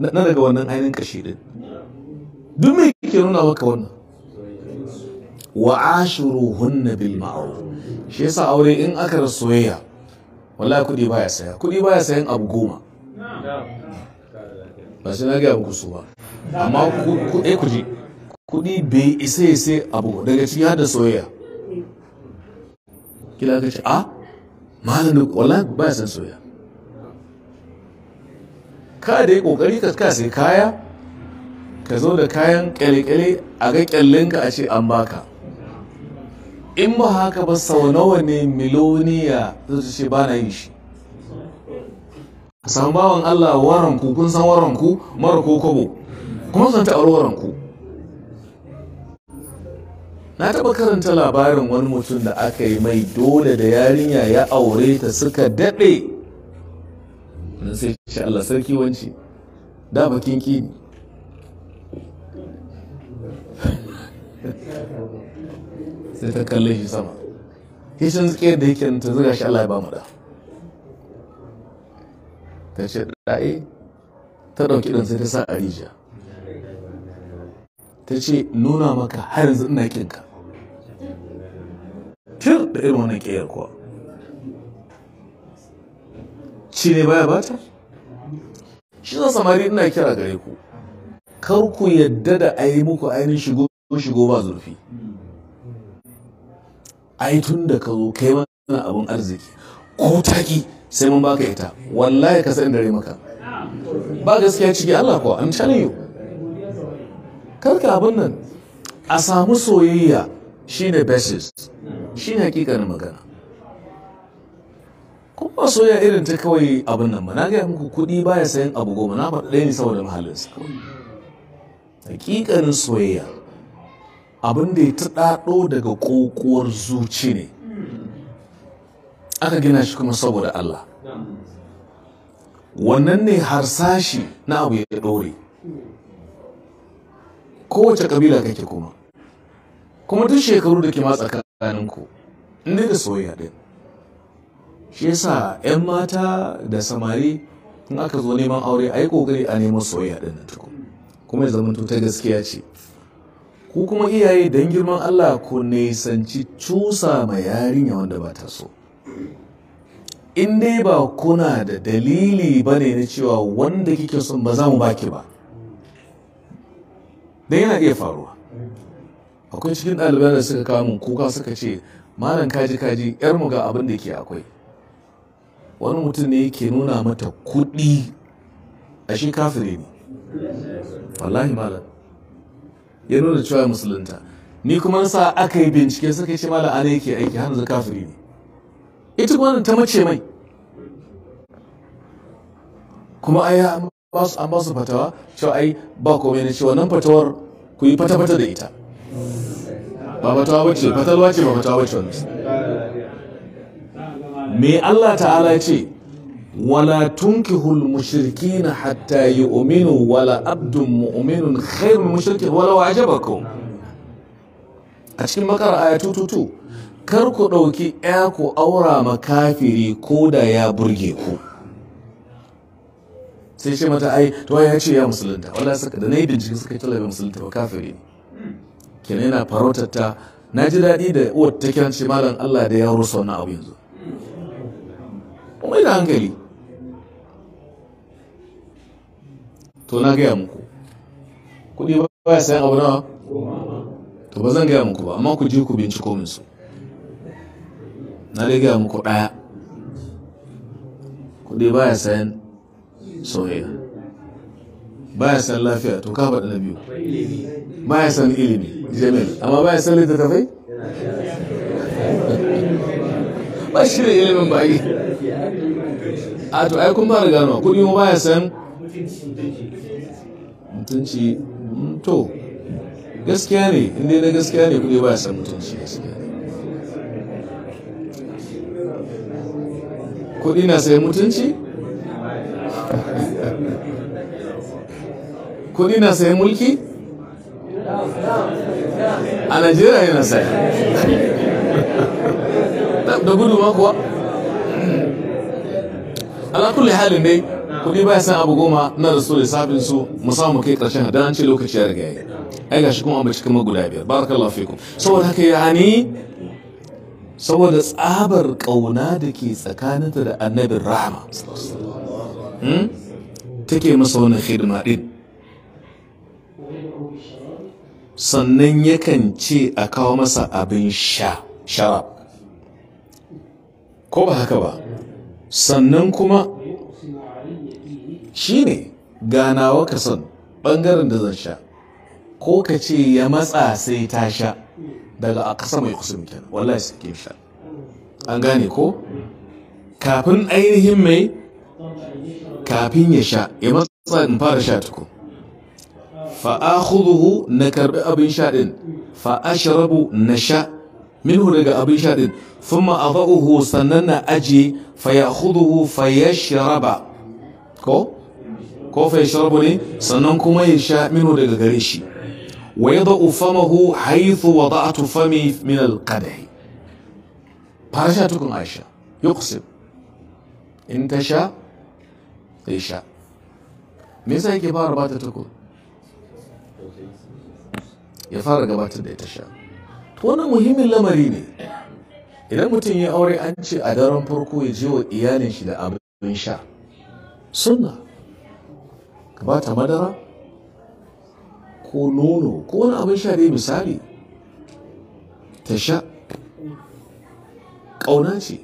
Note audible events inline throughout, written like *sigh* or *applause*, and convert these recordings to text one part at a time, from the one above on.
na daga wannan ainihin kashi din duk me ke nuna maka wannan wa hunna bil ma'ruf shi yasa aure in aka rasu soyayya wallahi kudi baya saya kudi baya sayan abu goma ba shi na ga muku su ba amma eh ku ji kuɗi bai isa ya sai abu daga ciki har da soyayya kila ka ce a ah, malamin wallahi baya san soyayya ka da yi kokari ka ka sai kaya ka zo da kayan kyale a ga kyallinka a ce an baka in ba haka ba sau nawa ne miloniya zai ce ba na yin shi a samu bawan Allah waranku kun san waranku mara ko kobo kuma san ta waran waranku na taɓa karanta labarin wani mutum da aka yi mai dole da yarinya ya aure ta suka daɗe nan sai shi Allah sarki wance da bakin ki ne *laughs* sai ta kalle shi sama hishin zuke da yake ta zuga shi Allah ya ba mu da ta ce da'e ta ɗauki sai ta sa a rijiya ta ce nuna maka har yanzu ina kinka tir da irin wannan kiyar kuwa Ci ne baya bata shi zan samari ina kira gare ku kar ku yadda da a yi muku ainihin shigo shigo ba zurfi ai tun da ka zo kai mana abin arziki ko taki sai mun baka ita wallahi ka san dare maka ba gaskiya ciki Allah ko an challenge you karka abin nan a samu soyayya shi shine shi ne hakikanin magana kuma soya irin ta kawai abin nan ba na gaya muku kuɗi baya sayan abu goma na faɗi ɗaya ne saboda mahalinsa hakikanin soyayya abin da ya taɗaɗo daga ƙoƙuwar zuci ne aka gina shi kuma saboda Allah wannan ne harsashi na abu ya ɗore kowace ƙabila kake kuma kuma duk shekaru da ke matsa ku. inda da soyayya ɗin shi yasa 'yan mata da samari in aka zo neman aure a yi kokari a neman soyayya din nan tukun kuma ya zama ta gaskiya ce ku kuma iyaye don girman Allah ku nisanci cusa ma yarinya wanda ba ta so in dai ba kuna da dalili ba ne na cewa wanda kike son ba za mu baki ba dan yana iya faruwa akwai cikin ɗaliban da suka kamun kuka suka ce malam kaji kaji yar mu ga abin da ke akwai wani mutum ne yake nuna mata kuɗi a shi kafiri ne wallahi malam ya nuna cewa musulunta ni kuma sa aka yi bincike suka ce malam ana yake aiki har zai kafiri ne ita kuma ta mace mai kuma ai an ba su fatawa cewa ai ba komai ne cewa nan fatawar ku yi fata-fata da ita ba fatawa bace fatalwa ce ba fatawa bace wannan me Allah ta'ala ce wala tunkihul mushrikina hatta yu'minu wala abdun mu'minun khairul mushrikin wala wajabakum a cikin makar aya tututu kar ku dauki ya ku aura makafiri ko da ya burge ku sai shi mata ai to ya ce ya musulunta wala saka da yi bincike suka yi talabin musulunta ba kafiri kenan yana farautar ta na ji daɗi da uwar ta kiran shi malam Allah da ya rusa wannan abu yanzu mai da hankali to na gaya muku kudi ba ya sayan abu nawa to ba zan gaya muku ba amma ku je ku binciko min su na dai gaya muku ɗaya kudi ba ya sayan soyayya ba ya san lafiya to ka faɗi na biyu ba ya san ilimi jamil amma ba ya san littattafai *laughs* ba shi ne ilimin ba yi a to ai kun ba riga gano kudi mu baya san mutunci mm, to gaskiya ne inda na gaskiya ne kuɗi baya san mutunci gaskiya kuɗi na sai mutunci *laughs* kuɗi na sai mulki a najeriya yana sai *laughs* da gudu ma kuwa ala kulli halin dai kuɗi baya san abu goma na da su lissafin su mu samu kai ƙarshen an ce lokaci ya riga yayi ai gashi kuma an bace kamar guda biyar barakallahu fikum saboda haka yani saboda tsabar kauna da ke tsakaninta da annabin rahama hmm, take masa wani hidima din sannan yakan ce a kawo masa abin sha sharab ko ba haka ba sannan kuma shi ne ganawa ka son ɓangaren da zan sha ko ka ce ya matsa sai ta sha daga a ƙasa mai kusurmi kenan wallahi su ke sha an gane ko kafin ainihin mai kafin ya sha ya matsa in fara sha tuku? fa'a hudu na karɓi abin sha ɗin fa'ashirabu na sha minhu daga abin sha din thumma adahu sannan na aje fa ya'khudhu fa yashraba ko ko fa yashrabu ne sannan kuma ya sha minhu daga gare shi wa yada'u famahu haythu wada'tu fami min al-qadahi farasha tukun aisha yuqsim in ta sha ya sha me yasa yake fara bata tukun ya fara gabatar da ita sha to wannan muhimmin lamari ne idan mutum ya aure an ce a daren farko ya je wa iyalin shi da abin sha sunna ka ba ta madara ko nono ko wani abin sha dai misali ta sha ƙauna ce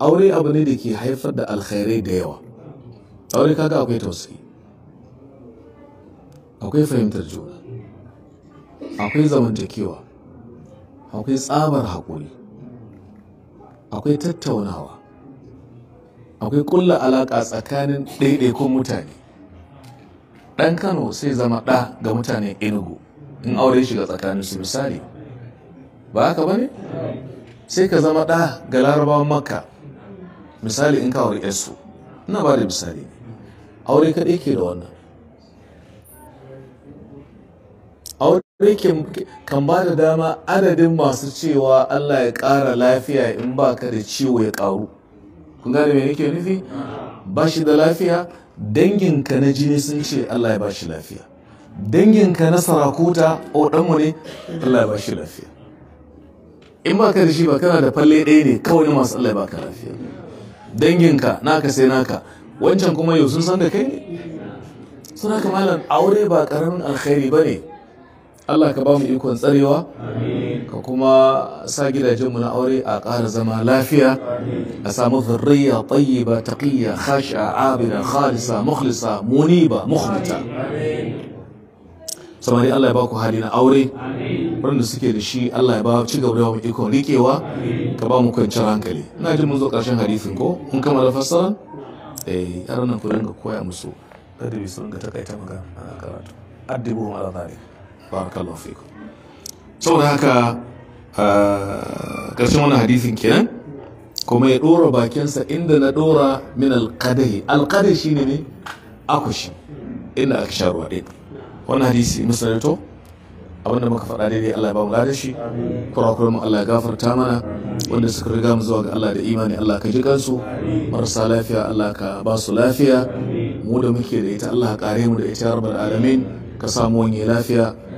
aure abu ne da ke haifar da alkhairai da yawa aure kaga akwai tausayi akwai fahimtar juna akwai zamantakewa akwai tsabar haƙuri akwai tattaunawa akwai ƙulla alaƙa tsakanin ɗaiɗaikun mutane ɗan kano sai zama ɗa ga mutanen enugu in aure shiga tsakanin su misali ba haka ba ne sai ka zama ɗa ga larabawan makka misali in ka aure yarsu ina ba da misali aure kaɗai ke da wannan kan ba da dama adadin masu cewa Allah ya ƙara lafiya in ba ka da ciwo ya ƙaru. Kun gane me yake nufi? Ba shi da lafiya, danginka na jini sun ce Allah ya ba shi lafiya. Danginka na sarakuta, o ɗanmu ne, Allah ya ba shi lafiya. In ba ka da shi ba kana da falle ɗaya ne kawai masu Allah ya ba ka lafiya. Danginka naka sai naka, wancan kuma yau sun san da kai ne? Suna kamalan aure ba ƙaramin alkhairi ba ne. Allah ka ba mu ikon tsarewa ka kuma sa gidajen mu na aure a ƙara zama lafiya a samu zurriya tayyiba taqiyya khashi'a abida khalisa mukhlisa muniba mukhbita samari Allah ya ba ku hali na aure waɗanda suke da shi Allah ya ba ci gaba da mu ikon rikewa ka ba mu kwanciyar hankali ina jin mun zo ƙarshen hadisin ko mun kammala fassara eh yaran nan ku dinga koya musu kada bi ga takaita magana karatu barakallahu fikum saboda haka ah, ƙarshen wani hadisin kenan kuma ya ɗora bakinsa inda na ɗora min alƙadahi alƙadahi shine ne akushi inda aka sha ruwa ɗin wani hadisi musanato abinda muka faɗa daidai Allah ya ba mu gada shi kurakuran mu Allah ya gafarta mana wanda suka riga mu zuwa ga Allah da imani Allah ka ji kansu marasa lafiya Allah ka ba su lafiya mu da muke da ita Allah kare mu da ita rabbal alamin ka samu wani lafiya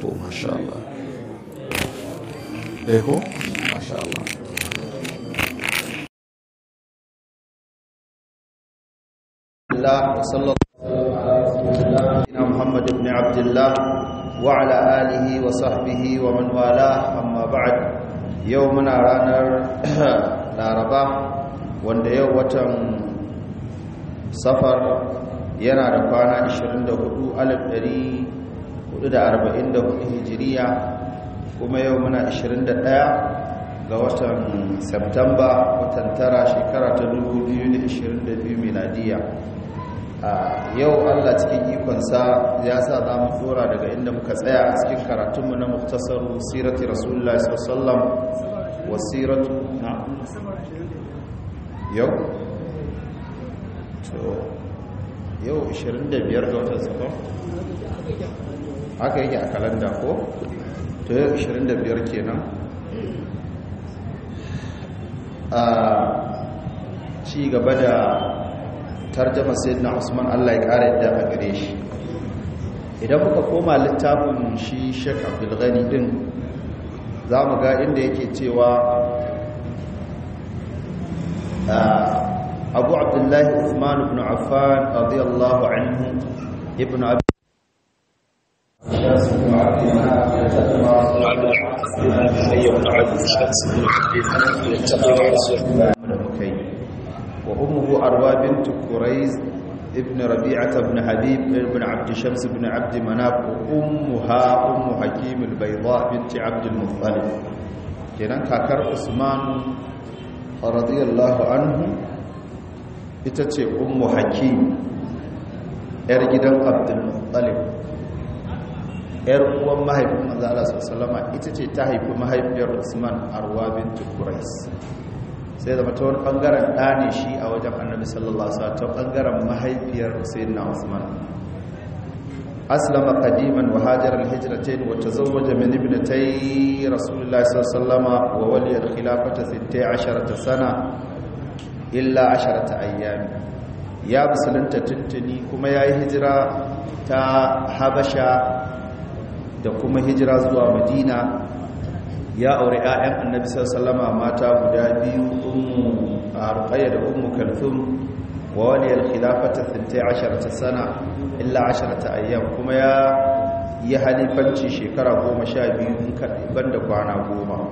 tu, mashallah. Dejo, mashallah. alihi wa sahbihi wa man amma ba'd muna ranar *clears throat* Laraba wanda yau watan safar yana da kwana 24 alif 444 hijiriya kuma yau muna 21 ga watan Septamba watan tara shekara ta 2022 miladiya yau Allah cikin ikonsa ya sa za mu tsora daga inda muka tsaya a cikin karatunmu na muktasaru sirati rasulullah sallallahu wa siratu na yau yau 25 ga watan septemba haka yake a kalanda ko ta 25 kenan a ci gaba da tarjama na usman allah ya kara yadda a gare shi idan muka koma littafin shi shek abdulghani din za mu ga inda yake cewa abu abdullahi usman ibn affan radiyallahu anhu ibn وأمه أروى بنت كريز ابن ربيعة بن حبيب ابن عبد شمس بن عبد مناف وأمها أم حكيم البيضاء بنت عبد المطلب kenan kakar Usman radiyallahu anhu ita ce ummu hakim yar gidan Abdul Muttalib yar uwan mahaifin manzo Allah sallallahu ita ce ta haifi mahaifiyar Usman Arwa bint Quraish sai da mata wani bangaren da ne shi a wajen Annabi sallallahu alaihi wasallam bangaren mahaifiyar Sayyidina Usman aslama qadiman wa hajara al-hijratayn wa tazawwaja min ibnatay Rasulillahi sallallahu alaihi wa wali al-khilafata 16 sana illa 10 ayyam ya musulunta tuntuni kuma yayi hijira ta Habasha da kuma hijira zuwa madina ya aure 'ya'yan annabi sallama mata guda biyu ummu a ruqayya da ummu kalthum wa wali alkhilafata khilafata 12 sana illa 10 ayyam kuma ya yi halifanci shekara 12 in karban da kwana 10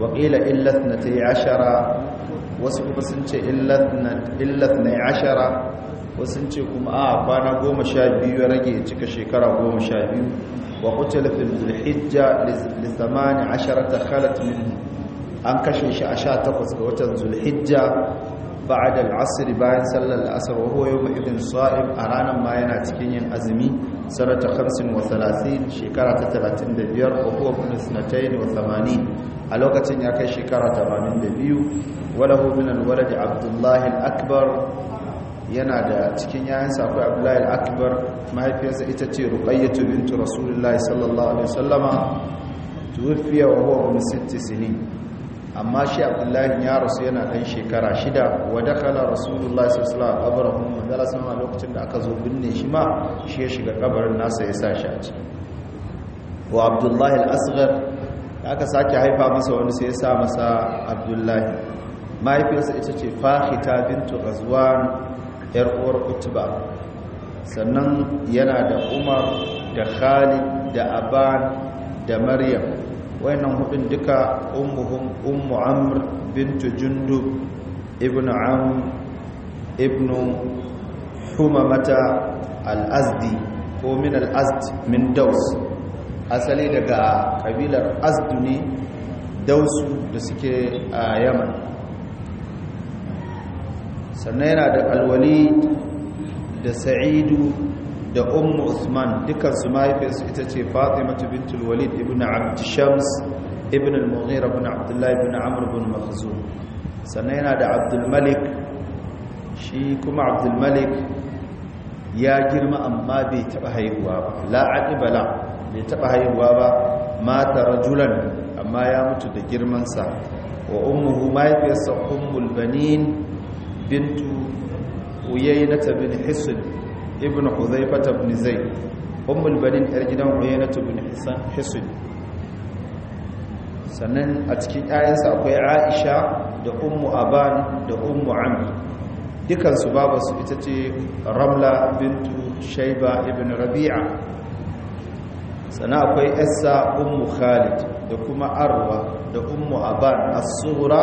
wa qila illa ashara wasu kuma sun ce illa ashara wasu sun ce kuma a kwana 12 ya rage cika shekara 12 وقتل في ذي الحجة لثمان عشرة خلت منه أنكشوا شعشاء تقص قوتن ذو الحجة بعد العصر باين صلى الأسر وهو يومئذ صائم أرانا ما ينعتكين أزمي سنة خمس وثلاثين شكرة ثلاثين دبير وهو من اثنتين وثمانين ألوكة يكي شكرة ثمانين دبيو وله من الولد عبد الله الأكبر yana da cikin yayansa akwai abdullahi al-akbar mahaifiyarsa ita ce ruqayyatu bintu rasulullahi sallallahu alaihi wasallama tuwfiya wa huwa min sitti sinin amma shi abdullahi ya rasu yana dan shekara shida wa dakala rasulullahi sallallahu alaihi wasallam qabrahum sama lokacin da aka zo binne shi ma shi ya shiga kabarin nasa ya sa shi a ciki wa abdullahi al-asghar aka sake haifa masa wani sai ya sa masa abdullahi mahaifiyarsa ita ce fahita bintu ghazwan yar uwar utba sannan yana da umar da khalid da aban da maryam wayannan hudun duka ummuhum ummu amr bintu jundub ibnu am ibnu humamata al-azdi ko min al-azd min daws asali daga kabilar azduni ne dausu da suke a yaman sannan yana da alwali da sa'idu da ummu usman dukkan su mahaifinsu ita ce fatimatu bintul walid ibn abd shams ibn al-mughira ibn abdullah ibn amr ibn makhzum sannan yana da abdul malik shi kuma abdul malik ya girma amma bai taba haihuwa ba la adibala bai taba haihuwa ba mata rajulan amma ya mutu da girmansa wa ummuhu mahaifiyarsa ummul banin bintu uyainata bin hisin ibn huzaifata bin zai ummul banin gidan uyainata bin sannan a cikin 'ya'yansa akwai aisha da ummu aban da ummu ami dukansu babansu ita ce ramla bintu shaiba ibn rabi'a Sannan akwai yassa ummu khalid da kuma arwa da ummu aban as-sughra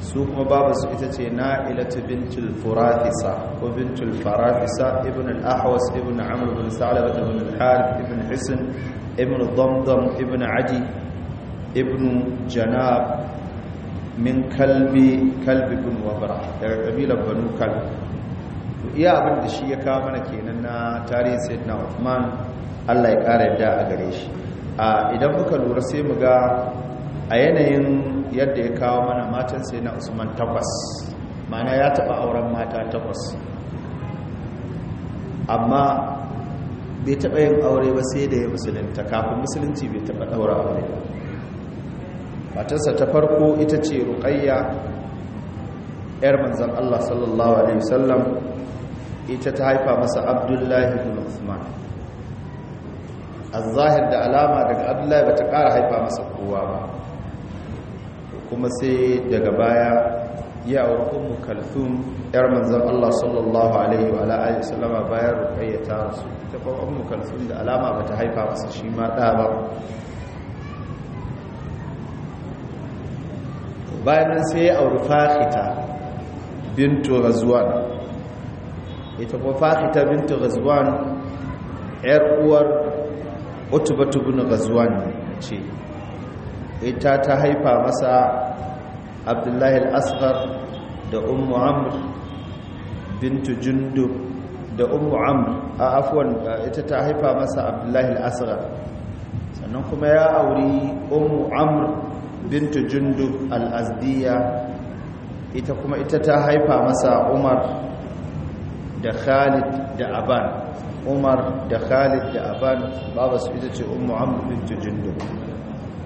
su kuma su ita ce ilata bintul furafisa ko bintul farafisa ibn al-ahwas ibn amr bin sa'laba ibn al-harith ibn hisn ibn damdam ibn adi ibn janab min kalbi kalbi bin wabra daga kabilar banu to iya abin da shi ya kawo mana kenan na tarihi sayyidina Uthman Allah ya kara yadda a gare shi a idan muka lura sai mu ga a yanayin yadda ya kawo mana matan sai na usman takwas mana ya taba auren mata takwas amma bai taba yin aure ba sai da ya musulunta kafin musulunci bai taɓa ɗaura aure ba matarsa ta farko ita ce ruƙayya 'yar manzan Allah sallallahu Alaihi wasallam ita ta haifa masa abdullahi bin usman a zahir da alama daga abdullahi ba ta ƙara haifa masa kowa ba kuma sai daga baya ya auri ummu yar manzan Allah sallallahu alaihi wa ala'ayi salama bayan ruqayya ta su. ita kuma ummu kalthum da alama bata haifa masa shi ma ɗaba ba bayan sai ya auri fahita bintu Razuwan. ita kuma fahita bintu Razuwan, yar uwar utbatu bin razuwan ce ita ta haifa masa abdullahi al'asfar da ummu amr bintu jundub da ummu amr a afuwan ita ta haifa masa abdullahi al'asfar sannan kuma ya auri ummu amr bintu jundub al'azdiya ita kuma ita ta haifa masa umar da khalid da aban umar da khalid da aban babasu ita ce ummu amr bintu jundub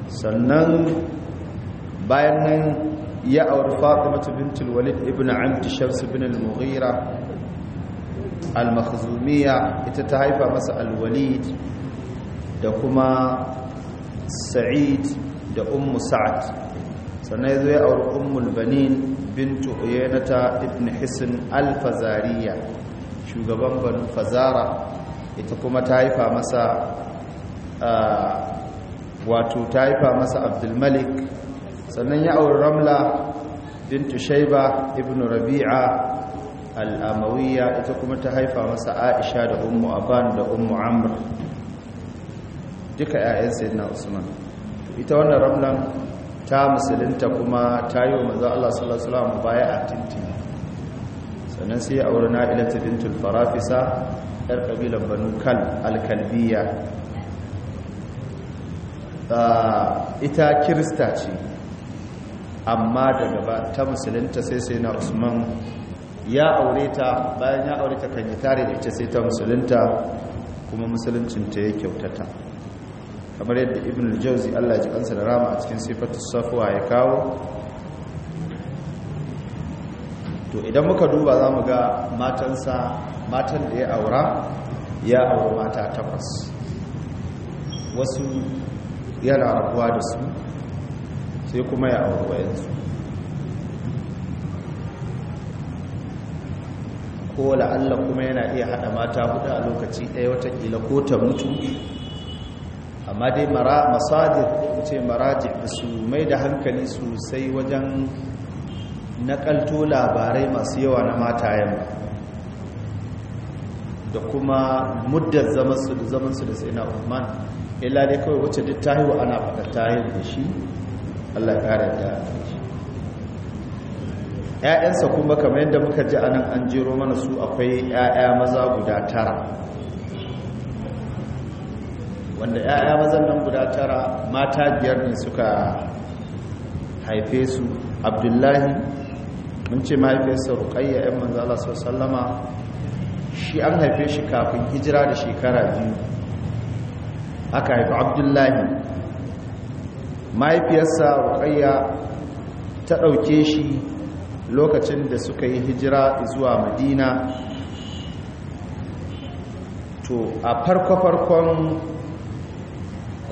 sannan bayan nan ya auri fatimata bintul walid ibn amti shams ibn al-mughira al-makhzumiyya ita ta haifa masa al-walid da kuma sa'id da ummu sa'ad sannan yazo ya auri ummul banin bintu uyaynata ibn hisn al-fazariya shugaban banu fazara ita kuma ta haifa masa ah, wato ta haifa masa abdulmalik sannan ya auri ramla bintu shaiba ibn rabi'a al'amawiya ita kuma ta haifa masa aisha da ummu aban da ummu amr duka 'ya'yan sayyidina usman ita wannan ramlan ta musulunta kuma ta yi wa maza Allah sallallahu baya a titi sannan sai ya auri ilata bintul farafisa yar kabilan banu kal alkalbiya ita kirista ce amma daga ba ta musulunta sai sai na usman ya aure ta bayan ya aure ta kan yi tare da ita sai ta musulunta kuma musuluncinta ya kyautata kamar yadda ibn al-jawzi Allah ji kansa da rama a cikin sifatu safuwa ya kawo to idan muka duba za mu ga matansa matan da ya aura ya aure mata takwas wasu yana rabuwa da su sai kuma ya auri wayansu ko la'alla kuma yana iya haɗa mata hudu a lokaci ɗaya watakila ko ta mutu amma dai ko ce da su mai da hankali sosai wajen nakalto labarai masu yawa na mata yamma da kuma muddar zamansu da zamansu da sai na umar illa dai kawai wacce duk ta haihu ana faɗa ta haihu da shi allah ƙara da ‘ya'yansa kuma kamar yadda muka ji anan an jero mana su akwai ‘ya'ya maza guda tara wanda ‘ya'ya mazan nan guda tara mata biyar ne suka haife su abdullahi mun ce mahaifinsa ruƙayya ‘yan manzala sallama shi an haife shi kafin hijira da shekara biyu aka haifi abdullahi mahaifiyarsa rukayya ta ɗauke shi lokacin da suka yi hijira zuwa madina to a farko-farkon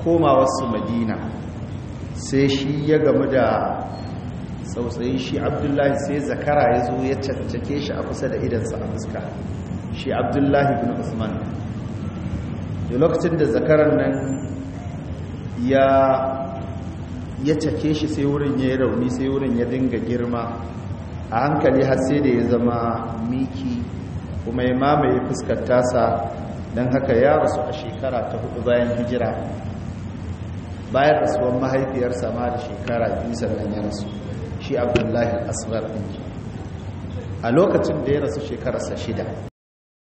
komawarsu madina sai shi ya gamu da tsautsayin shi abdullahi sai zakara ya zo ya cancake shi a kusa da idansa a fuska shi abdullahi bin usman da lokacin da zakaran nan ya ya cake shi sai wurin ya yi rauni sai wurin ya dinga girma a hankali har sai da ya zama miki kuma ya mamaye fuskar tasa don haka ya rasu a shekara ta hudu bayan hijira bayan rasuwar mahaifiyar sama da shekara biyu sannan ya rasu shi abdullahi asrar a lokacin da ya rasu shekararsa shida